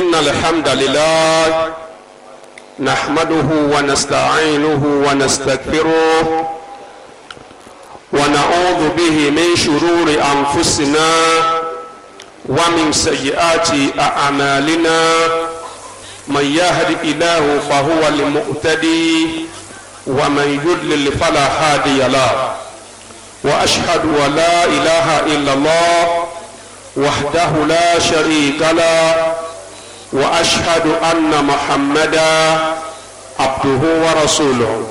إن الحمد لله نحمده ونستعينه ونستغفره ونعوذ به من شرور أنفسنا ومن سيئات أعمالنا من يهد إله فهو المؤتدي ومن يضلل فلا هادي له وأشهد أن لا إله إلا الله وحده لا شريك له واشهد ان محمدا عبده ورسوله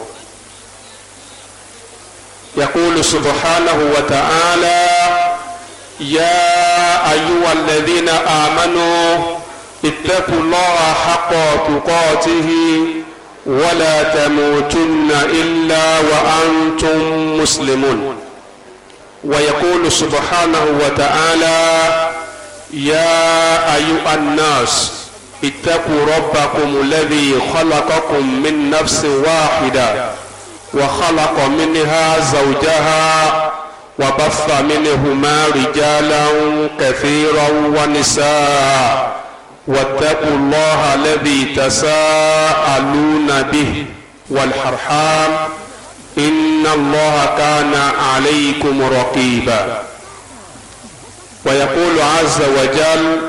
يقول سبحانه وتعالى يا ايها الذين امنوا اتقوا الله حق تقاته ولا تموتن الا وانتم مسلمون ويقول سبحانه وتعالى يا ايها الناس اتقوا ربكم الذي خلقكم من نفس واحدة وخلق منها زوجها وبث منهما رجالا كثيرا ونساء واتقوا الله الذي تساءلون به والحرحام إن الله كان عليكم رقيبا ويقول عز وجل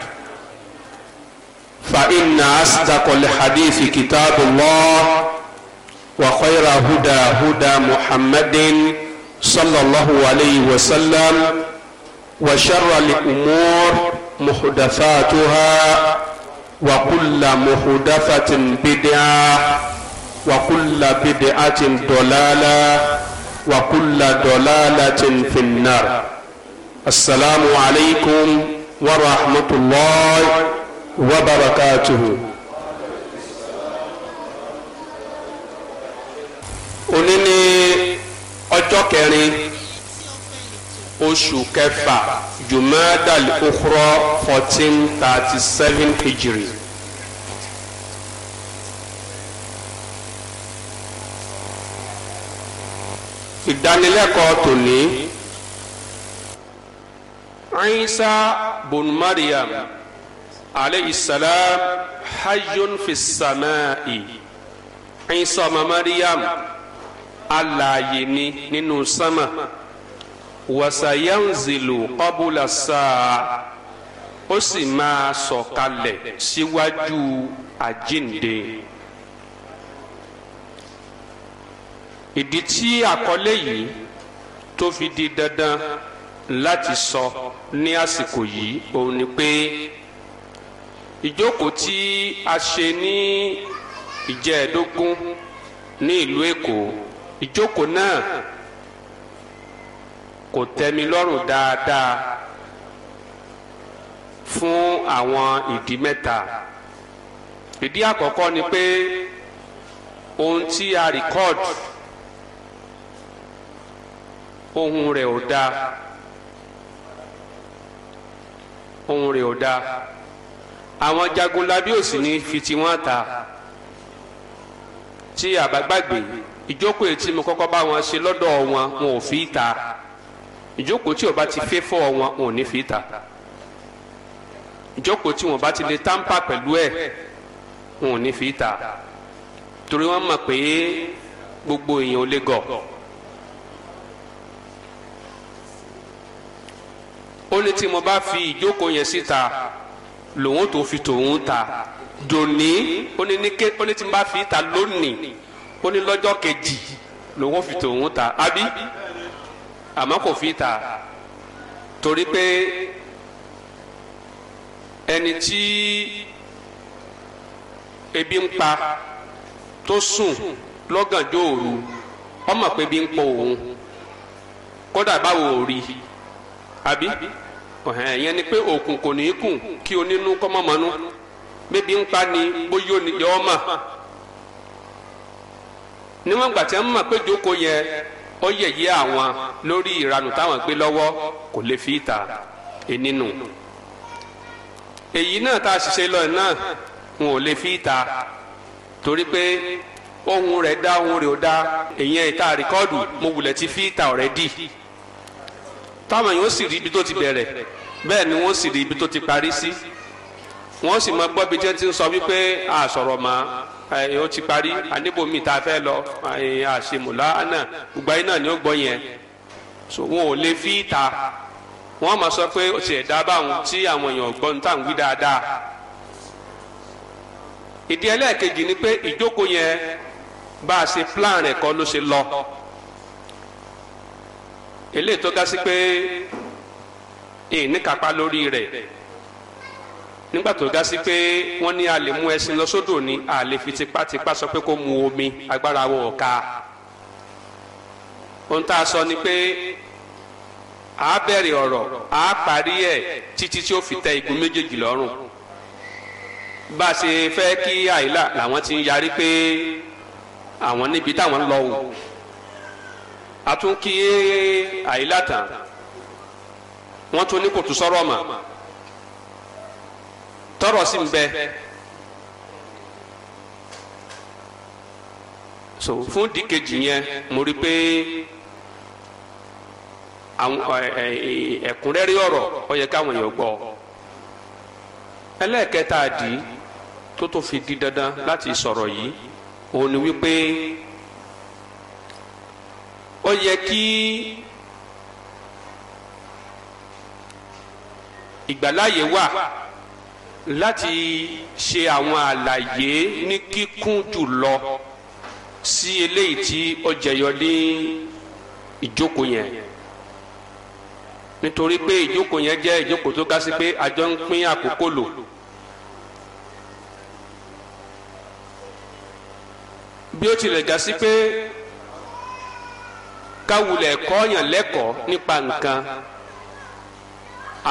فإن أصدق الحديث كتاب الله وخير هدى هدى محمد صلى الله عليه وسلم وشر الأمور محدثاتها وكل محدثة بدعة وكل بدعة ضلالة وكل ضلالة في النار السلام عليكم ورحمة الله وبركاته òní ni ọjọ́ kẹrin oṣù kẹfà jumadal ukhra fourteen thirty seven hijri ìdánilẹ́kọ̀ọ́ tòní Isa bun Mariam aleyhi salam hayyun fi samaa'i Isa ọmọ Maryam alààyè ni nínú sámà wasayanzilu qabula sáà ó sì máa sọ̀kalẹ̀ síwájú àjínde. ìdí tí àkọlé yìí tó fi di dandan láti sọ ní àsìkò yìí òun ni pé ìjókòó tí a ṣe ní ìjẹ́ẹ̀dógún ní ìlú èkó ìjókòó náà kò tẹ́mi lọ́rùn dáadáa fún àwọn ìdí mẹ́ta ìdí àkọ́kọ́ ni pé ohun tí a rìkọ́ọ̀dù ohun rẹ̀ ò dáa ohun rẹ̀ ò dáa àwọn jagunlabi ò sì ní fi tiwọn ta tí àbágbàgbé ìjókòó etí mo kọ́kọ́ bá wọn ṣe lọ́dọ̀ wọn wọn ò fi ta ìjókòó tí o bá ti fẹ́ fọ́ wọn wọn ò ní fi ta ìjókòó tí wọn bá ti lè tampa pẹ̀lú ẹ̀ wọn ò ní fi ta torí wọn mọ̀ pé gbogbo èèyàn ò lè gọ̀ ó ní tí mo bá fi ìjókòó yẹn síta. Si lòun tó fi tòun ta dòní ó ní níké ó ní tí n bá fi ta lónìí ó ní lọ́jọ́ kejì lòun fi tòun ta àbí àmọ́ kò fi ta torí pé ẹni tí ebi ń pa tó sùn lọ́gànjọ́ òru ọmọ pé ebi ń pa òun kódà báwo rí àbí. àbí? ọ̀hẹ́n yẹn ni pé òkun kò ní í kùn kí onínú kọ́ mọ́mọ́nú bébí ń pa ni bóyá yọ ọ́ mà níwọ̀n gbà tí wọ́n mọ̀ pé jókòó yẹn ó yẹ̀yẹ́ àwọn lórí ìranù táwọn gbé lọ́wọ́ kò lè fi ìta ẹnínú èyí náà tá a ṣiṣẹ́ lọ náà wọn ò lè fi ìta torí pé ohun rẹ̀ dá ohun rẹ̀ ò dá mo wulẹ̀ ti fi táwọn yóò sì rí ibi tó ti bẹ̀rẹ̀ bẹ́ẹ̀ ni wọ́n sì rí ibi tó ti parí sí wọ́n sì mọ gbọ́ bí jẹ́ ti ń sọ wípé àsọ̀rọ̀ mọ́ ẹ̀ ó ti parí àníbòmí tá a fẹ́ lọ àṣemùlá náà gbogbo ayé náà ni ó gbọ́ yẹn so wọn ò lè fi ta wọ́n máa sọ pé ó ti ẹ̀dá báwọn tí àwọn èèyàn gbọ́ ní tá wí dáadáa ìdí ẹlẹ́ẹ̀kejì ni pé ìjókòó yẹn bá a ṣe plan rẹ̀ kọ́ ló ṣe lọ eléyìí tó ga sí pé ìníkapa lórí rẹ̀ nígbà tó ga sí pé wọ́n ní a mú ẹṣin lọ sódò ni a lè fi tipátipá sọ pé kó mu omi agbára wọ ọ̀ka ohun tá a sọ ni pé a bẹ̀rẹ̀ ọ̀rọ̀ a parí ẹ̀ títí tí ó fi tẹ igun méjèèjì lọ́rùn bá a ṣe fẹ́ kí àyílà làwọn ti ń yarí pé àwọn níbi táwọn ń lọ wò a tún kí àyílá tán wọ́n tún ní kò tún sọ̀rọ̀ mà tọrọ so fún díkejì yẹn mo pe, i pé ẹ̀kúnrẹ́rẹ́ ọ̀rọ̀ ó yẹ káwọn èèyàn gbọ́ ẹlẹ́ẹ̀kẹta àdí tó tó fi di dandan láti sọ̀rọ̀ yìí òun ni wípé ó yẹ kí ìgbàláyè wà láti ṣe àwọn àlàyé ní kíkún jùlọ sí eléyìí tí ó jẹyọ ní ìjókòó yẹn nítorí pé ìjókòó yẹn jẹ́ ìjókòó tó ká sí pé àjọ ń pín àkókò lò. bí ó tilẹ̀ ga sí pé káwulẹ̀ kọ́yàn lẹ́kọ̀ọ́ nípa nǹkan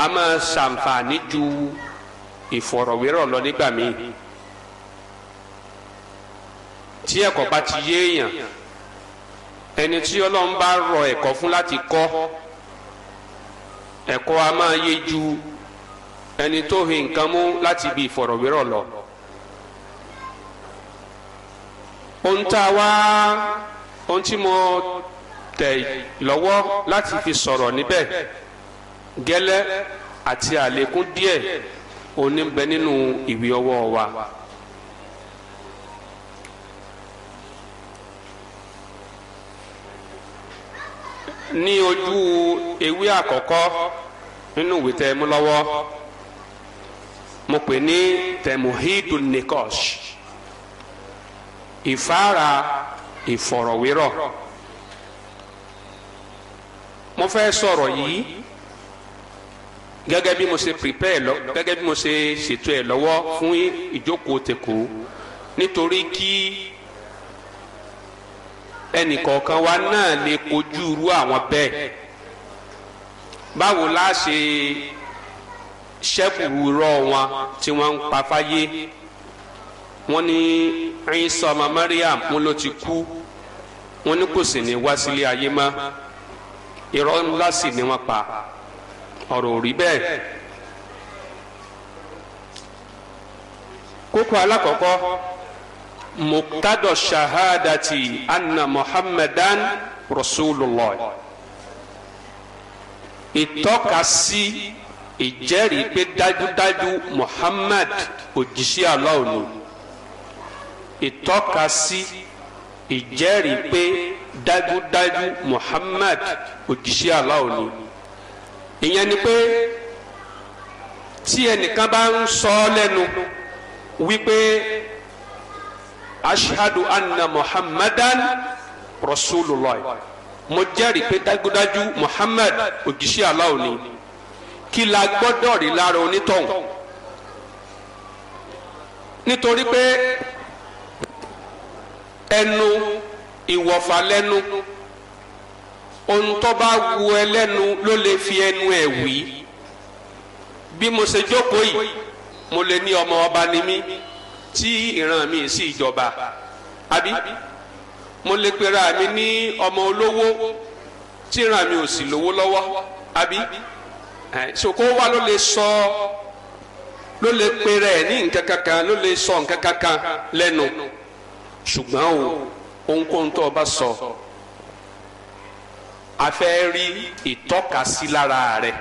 a máa ṣàǹfààní ju ìfọ̀rọ̀wérọ̀ lọ nígbà míì tí ẹ̀kọ́ bá ti yéèyàn ẹni tí ọlọ́run bá rọ ẹ̀kọ́ fún láti kọ́ ẹ̀kọ́ a máa yé ju ẹni tó hi nǹkan mú láti ibi ìfọ̀rọ̀wérọ̀ lọ. ohun tá a wá ohun tí mo tẹ lọ́wọ́ láti fi sọ̀rọ̀ níbẹ̀ gẹ́lẹ́ àti àlékún díẹ̀ òní bẹ nínú ìwé ọwọ́ wa. ní ojú ewé àkọ́kọ́ nínú ìwé tẹ́ mú lọ́wọ́ mo pè ní tẹmuhidu nikosh ìfára ìfọ̀rọ̀wérọ̀ mo fẹ́ sọ̀rọ̀ yìí gẹ́gẹ́ bí mo ṣe prepare lọ gẹ́gẹ́ bí mo ṣe ṣètò ẹ̀ lọ́wọ́ fún ìjókòó tèkó nítorí kí ẹnìkọ̀ọ̀kan wa náà lè kojú irú àwọn bẹ́ẹ̀ báwo la ṣe ṣẹ́kùrú rọ wọn tí wọ́n ń pa fáyé wọ́n ní Ìsá ọmọ Mariam wọn ló ti kú wọ́n ní kò sì ní wá sílé ayé mọ́ irọ́ ńlá sì ni wọ́n pa ọ̀rọ̀ ò rí bẹ́ẹ̀. kókó alákọ̀ọ́kọ́ muktadọ shahadati anna muhammadan rasulullah ìtọ́kasí ìjẹ́rìí pé dájúdájú muhammad òjíṣẹ́ Allah ni ìtọ́kasí ìjẹ́rìí pé dájúdájú Muhammad òjíṣẹ́ Allah ni ìyẹn ni pé tí ẹnìkan bá ń sọ ọ́ lẹ́nu wípé ashadu anna Muhammadan rasulullah mo jẹ́rìí pé dájúdájú Muhammad òjíṣẹ́ Allah ni kí la gbọ́dọ̀ rí lára onítọ̀hún nítorí pé ẹnu ìwọ̀fà lẹ́nu ohun tó bá wu ẹ lẹ́nu ló lè fi ẹnu ẹ̀ wí bí mo ṣe jókòó yìí mo lè ní ọmọ ọba ni mí tí ìran mi sì jọba àbí mo lè pera mi ní ọmọ olówó tí ìran mi ò sì lówó lọ́wọ́ àbí ṣòkó wa ló lè sọ ló lè pera ẹ̀ ní nǹkan kankan ló lè sọ nǹkan kankan lẹ́nu ṣùgbọ́n o ohunkóhun tó o bá sọ a fẹ́ rí ìtọ́kasí lára rẹ̀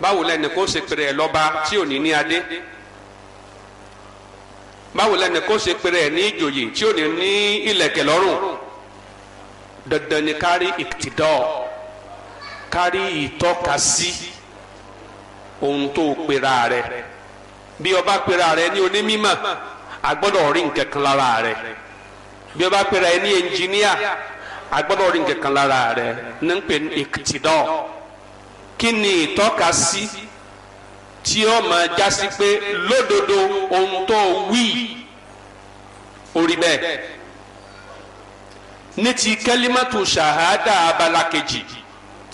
báwo lẹ́nu kó ṣe pèrè ẹ̀ lọ́ba tí ò ní ní adé báwo lẹ́nu kó ṣe pèrè ẹ̀ ní ìjòyè tí ò ní ní ìlẹ̀kẹ̀ lọ́rùn dandan ni kárí ìtìdọ́ kárí ìtọ́kasí ohun tó o pera rẹ̀ bí o bá pera ní onímímọ̀ agbọ́dọ̀ rí nǹkan kan lára rẹ̀ bí o bá pera ẹ ní ẹnjìníà agbọ́dọ̀ rí nǹkan kan lára rẹ̀ ní pè ní ìkìtìdọ́ kí ni ìtọ́ka sí tí ó máa jásí pé lódodo ohun tó wí orí bẹ́ẹ̀ ní ti kẹ́límàtù ṣàhádà abala kejì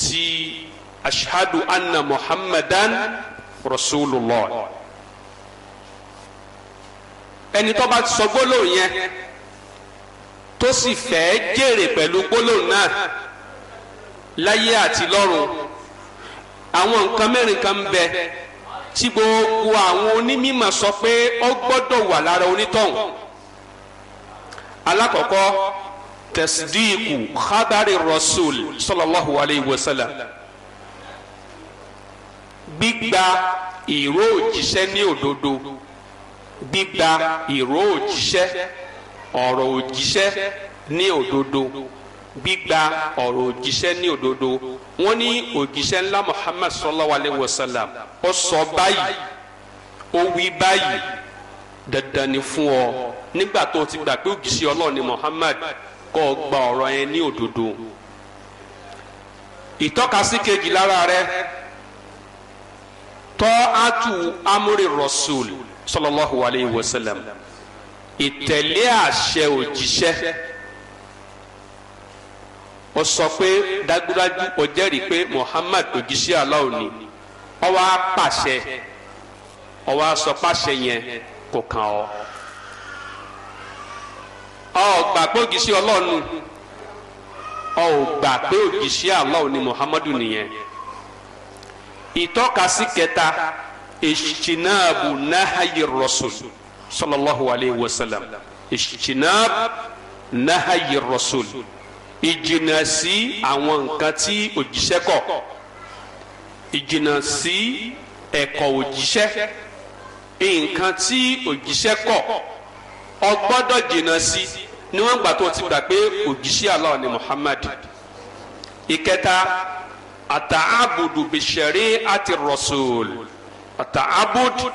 ti ashadu anna muhammadan rasulullah ẹni tó bá sọ gbólóhùn yẹn tó sì fẹ́ jèrè pẹ̀lú gbólóhùn náà láyé àti lọ́run àwọn nǹkan mẹ́rin kan ń bẹ tí gbogbo àwọn onímọ̀ sọ pé ó gbọ́dọ̀ wà lára onítọ̀hún alákọ̀ọ́kọ́ tẹ̀sídìkù khabari rasul sallallahu alayhi wa sallam gbígba ìró òjíṣẹ́ ní òdodo gbígba ìró òjíṣẹ́ ọ̀rọ̀ òjíṣẹ́ ní òdodo gbígba ọ̀rọ̀ òjíṣẹ́ ní òdodo wọ́n ní òjíṣẹ́ ńlá Muhammad sallallahu alayhi wa sallam ó sọ báyìí ó wí báyìí dandan ni fún ọ nígbà tó o ti gbà pé òjíṣẹ́ Ọlọ́run Muhammad kó o gba ọ̀rọ̀ yẹn ní òdodo ìtọ́kasí kejì lára rẹ̀ tọ́ àtú amúre rọ̀ṣùlù sallallahu alayhi wa sallam ìtẹ̀lé àṣẹ òjíṣẹ́ ó sọ pé dájúdájú ó jẹ́rìí pé Muhammad òjíṣẹ́ Allah ni ó wá pàṣẹ ó wá sọ pàṣẹ yẹn kò kàn ọ́ ọ gbà pé òjíṣẹ́ Ọlọ́run ọ pé òjíṣẹ́ Allah ni Muhammadu nìyẹn ìtọ́kasí kẹta ijtinabu nahayi rasul sallallahu alayhi wa sallam ijtinab nahayi rasul ìjìnà sí àwọn nǹkan tí òjíṣẹ́ kọ̀ ìjìnà sí ẹ̀kọ́ òjíṣẹ́ nǹkan tí òjíṣẹ́ kọ̀ ọ gbọ́dọ̀ jìnà sí níwọ̀n gbà tó ti gbà pé òjíṣẹ́ Allah ni Muhammad ìkẹta àtàbùdù bìṣẹ̀rí àti rasul ataabud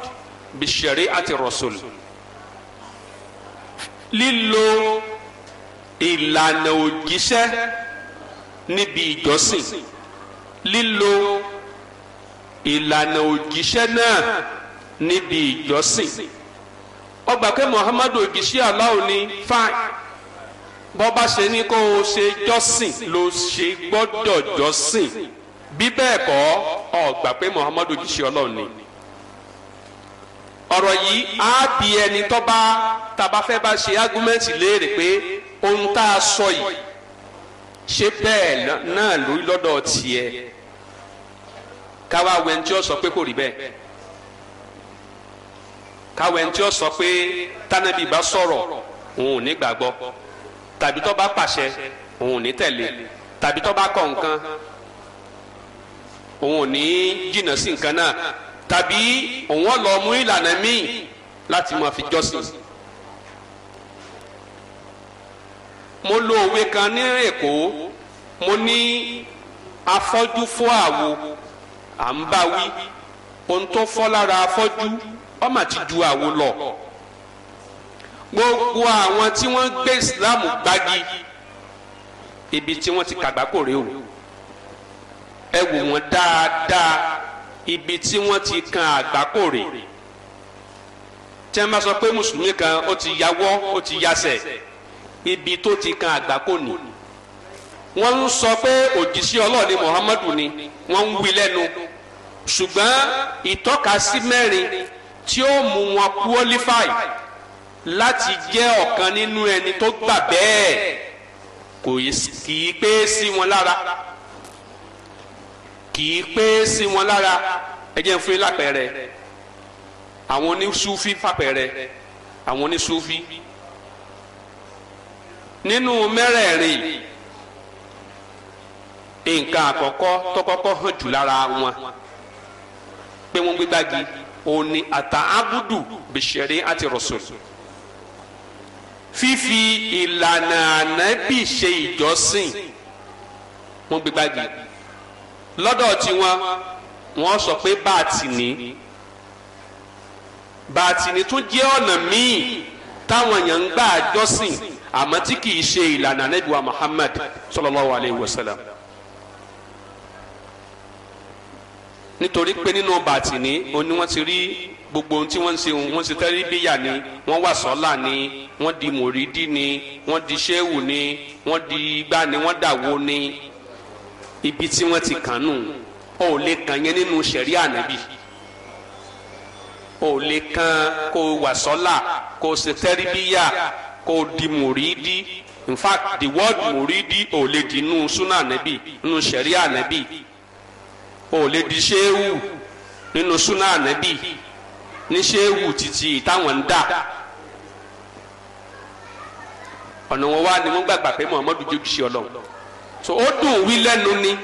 bisari ati rasul lílo ìlànà òjíṣẹ́ níbi ìjọsìn lílo ìlànà òjíṣẹ́ náà níbi ìjọsìn ọgbà pé muhammadu òjíṣẹ́ aláwo ni fáì bọ́ba ṣe ní kó o ṣe jọ́sìn ló ṣe gbọ́dọ̀ jọ́sìn bí bẹ́ẹ̀ kọ́ muhammadu òjíṣẹ́ ọlọ́run ni ọ̀rọ̀ yìí á bi ẹni tó tàbá fẹ́ bá ṣe ágúmẹ́ǹtì léèrè pé ohun tá a sọ yìí ṣé bẹ́ẹ̀ náà lórí lọ́dọ̀ tiẹ̀ káwa wẹ̀ ní tí ó sọ pé kò rí bẹ́ẹ̀ káwa ẹni tí ó sọ pé tánàbí bá sọ̀rọ̀ òun ò ní gbàgbọ́ tàbí tó bá pàṣẹ òun ò ní tẹ̀lé tàbí tó kọ̀ nǹkan òun ò ní jìnnà sí nǹkan náà tàbí òun lọ mú ìlànà míì láti máa fi jọ́sìn. mo lo òwe kan ní èkó mo ní afọ́jú fọ́ àwo à ń bá wí ohun tó fọ́ lára afọ́jú ọmọ àti ju àwo lọ gbogbo àwọn tí wọ́n gbé Islam gbági ibi tí wọ́n ti kàgbákò rèé o ẹ wò wọ́n dáadáa ibi tí wọ́n ti kan àgbákòrè tí wọ́n bá sọ pé mùsùlùmí kan ó ti yáwọ́ ó ti yasẹ̀ ibi tó ti kan àgbákò ni wọ́n ń sọ pé òjíṣẹ́ Ọlọ́run ni Muhammadu ni wọ́n ń wí lẹ́nu ṣùgbọ́n ìtọ́kasí mẹ́rin tí ó mú wọn qualify láti jẹ́ ọ̀kan nínú ẹni tó gbà bẹ́ẹ̀ kò kì í pé sí wọn lára kì í pé sí wọn lára ẹ jẹ́ fún yín lápẹ̀rẹ̀ àwọn oníṣúfí fàpẹ̀rẹ̀ àwọn oníṣúfí nínú mẹ́rẹ̀ẹ̀rin nǹkan àkọ́kọ́ tó kọ́kọ́ hàn jù lára wọn pé wọ́n gbégbági òun ni àtàábùdù bìṣẹ̀rí àti rọ̀sùn fífi ìlànà ànábì ṣe ìjọsìn wọ́n gbégbági lọ́dọ̀ tiwọn wọ́n sọ pé bàtìní bàtìní tún jẹ́ ọ̀nà míì táwọn èèyàn ń gbà jọ́sìn àmọ́ tí kìí ṣe ìlànà anábìwá Muhammad sallallahu alayhi wa sallam. nítorí pé nínú bàtìní oní wọ́n ti rí gbogbo ohun tí wọ́n ń ṣe wọ́n ṣe tẹ́rí bíyà ni wọ́n wà sọ́là ni wọ́n di mòrídì ni wọ́n di ṣéwù ni wọ́n di igbá ni wọ́n dàwó ni ibi tí wọ́n ti kàn nù ọ ò lè kàn yẹn nínú sẹ̀rí ànábì ò lè kàn kó wàsọ́là kó ṣe tẹ́rìbíyà kó di mùrídì in fact the word mùrídì o lè di inú súnà ànábì inú sẹ̀ríà ànábì o lè di ṣéwù nínú súnà ànábì ní ṣéwù títí táwọn ń dà ọ̀nà wọn wá ni wọ́n gbàgbà pé Muhammadu jẹ́ òjíṣẹ́ Ọlọ́run. so ó dùn wí lẹ́nu ni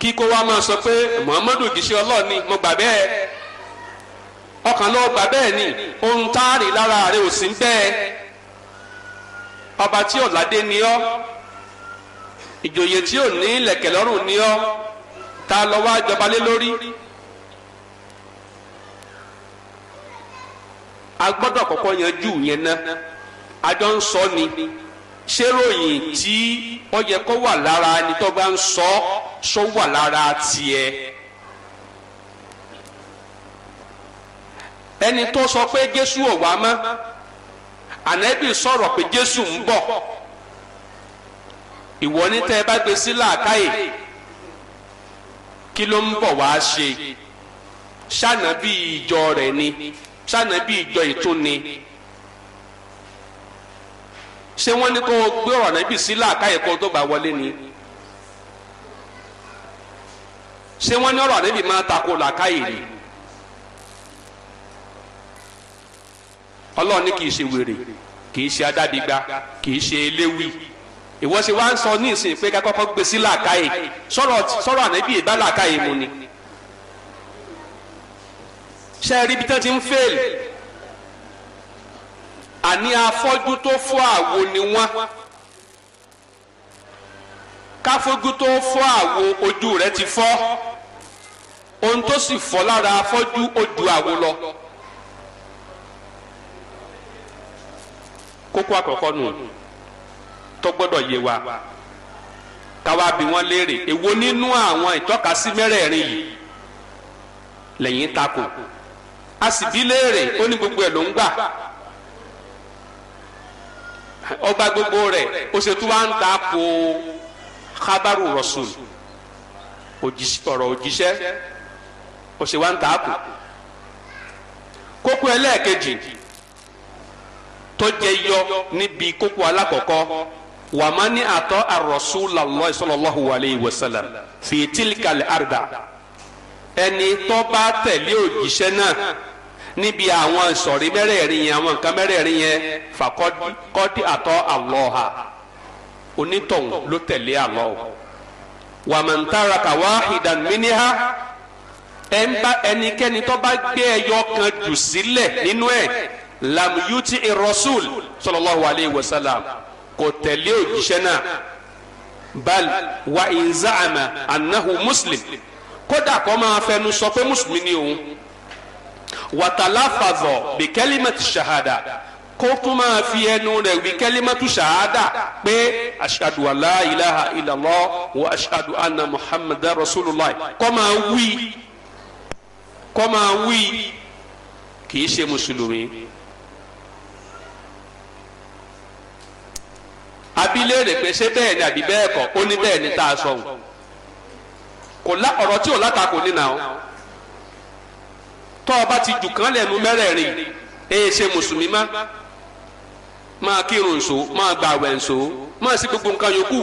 kí kó wa máa sọ pé muhammadu gìṣẹ́ ọlọ́ọ̀ ni mo gbà bẹ́ẹ̀ ọkàn ló gbà bẹ́ẹ̀ ni ohun táàrí lára rẹ̀ ò sí bẹ́ẹ̀ ọba tí ọ̀làdé ni ọ́ ìjòyè tí ò ní ilẹ̀kẹ̀ lọ́rùn ni ọ́ ta lọ wá jọba lé lórí a gbọ́dọ̀ kọ́kọ́ yanjú yẹn ná a jọ ń sọ ni ṣé ròyìn tí ó yẹ kó wà lára ẹni tó bá ń sọ sọ wà lára tiẹ̀ ẹni tó sọ pé Jésù ò wá mọ́ ànábì sọ̀rọ̀ pé Jésù ń bọ̀ ìwọ ní tẹ́ ẹ bá gbé sí làákàyè kí ló ń bọ̀ wá ṣe ṣànàbí ìjọ rẹ̀ ni ṣànàbí ìjọ ètò ni. ṣé wọ́n ní kó o gbé ọ̀rọ̀ níbi sí làákàyè kó o tó gbà wọlé ni ṣé wọ́n ní ọ̀rọ̀ níbi máa tako làákàyè ni ọlọ́run ní kì í ṣe wèrè kì í ṣe adádigba kì í ṣe eléwì ìwọ ṣe wá ń sọ ní ìsìn pé ká kọ́kọ́ gbé sí làákàyè sọ̀rọ̀ ànábì ìbá làákàyè mu ni ṣe ẹ rí ibi tí wọ́n ti ń fèèlì. àní afọ́jú tó fọ́ àwo ni wọ́n káfọ́jú tó fọ́ àwo ojú rẹ̀ ti fọ́ ohun tó sì fọ́ lára afọ́jú ojú àwo lọ. kókó àkọ́kọ́ nù tó gbọ́dọ̀ yé wa káwa bí wọ́n léèrè èwo nínú àwọn ìtọ́kasí mẹ́rẹ̀ẹ̀rin yìí lẹ́yìn takò a sì bí léèrè ó ní gbogbo ẹ̀ ló ń gbà ọgbà gbogbo rẹ̀ ó ṣe tó wá ń ta ko khabaru rasul ọ̀rọ̀ òjíṣẹ́ ó ṣe wá ń ta ko kókó ẹlẹ́ẹ̀kejì tó jẹ yọ níbi kókó alákọ̀ọ́kọ́ wàmání àtọ́ ar-Rasulullahi sallallahu alayhi wa sallam ẹni tó bá tẹ̀lé òjíṣẹ́ náà níbi àwọn ìsọ̀rí mẹ́rẹ̀ẹ̀rin yẹn àwọn nǹkan mẹ́rẹ̀ẹ̀rin yẹn fàkọ́dí àtọ́ àlọ́ha onítọ̀hún ló tẹ̀lé àlọ́ o wàmọ̀ntara kàwá ìdánmíníhá ẹnikẹ́ni tó bá gbé ẹyọ kan jù sílẹ̀ nínú ẹ̀ lamuyuti rasul sallallahu alayhi wa sallam kò tẹ̀lé òjíṣẹ́ náà bal wa inzaama anahu muslim kódà kó máa fẹnu sọ pé mùsùlùmí ni òun wàtàláfàzọ̀ bí kẹ́límẹ̀tì ṣahada kó tún máa fi ẹnu rẹ̀ wí kẹ́límẹ̀tì ṣahada pé ashadu ala ilaha illallah wa ashadu anna muhammadu rasulillah kọ́ máa wí kọ́ máa wí kì í ṣe mùsùlùmí. abiléèrè pé ṣé bẹ́ẹ̀ ni àbí bẹ́ẹ̀ kọ́ ó ní bẹ́ẹ̀ ni tá a sọ̀hún kò lá ọ̀rọ̀ tí ò látakò nínà ọ́ tọ́ ọ bá ti jù kán lẹ́nu mẹ́rẹ̀ẹ̀rin èyí ṣe mùsùlùmí má máa kírun nso máa gbààwẹ̀ nso máa sí gbogbo nǹkan yòókù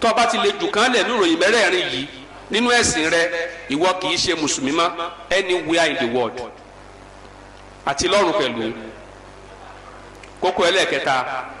tọ́ ọ bá ti lè jù kán lẹ́nu ìròyìn mẹ́rẹ̀ẹ̀rin yìí nínú ẹ̀sìn rẹ ìwọ kì í ṣe mùsùlùmí má anywhere in the world àti lọ́run pẹ̀lú kókó ẹlẹ́ẹ̀kẹta.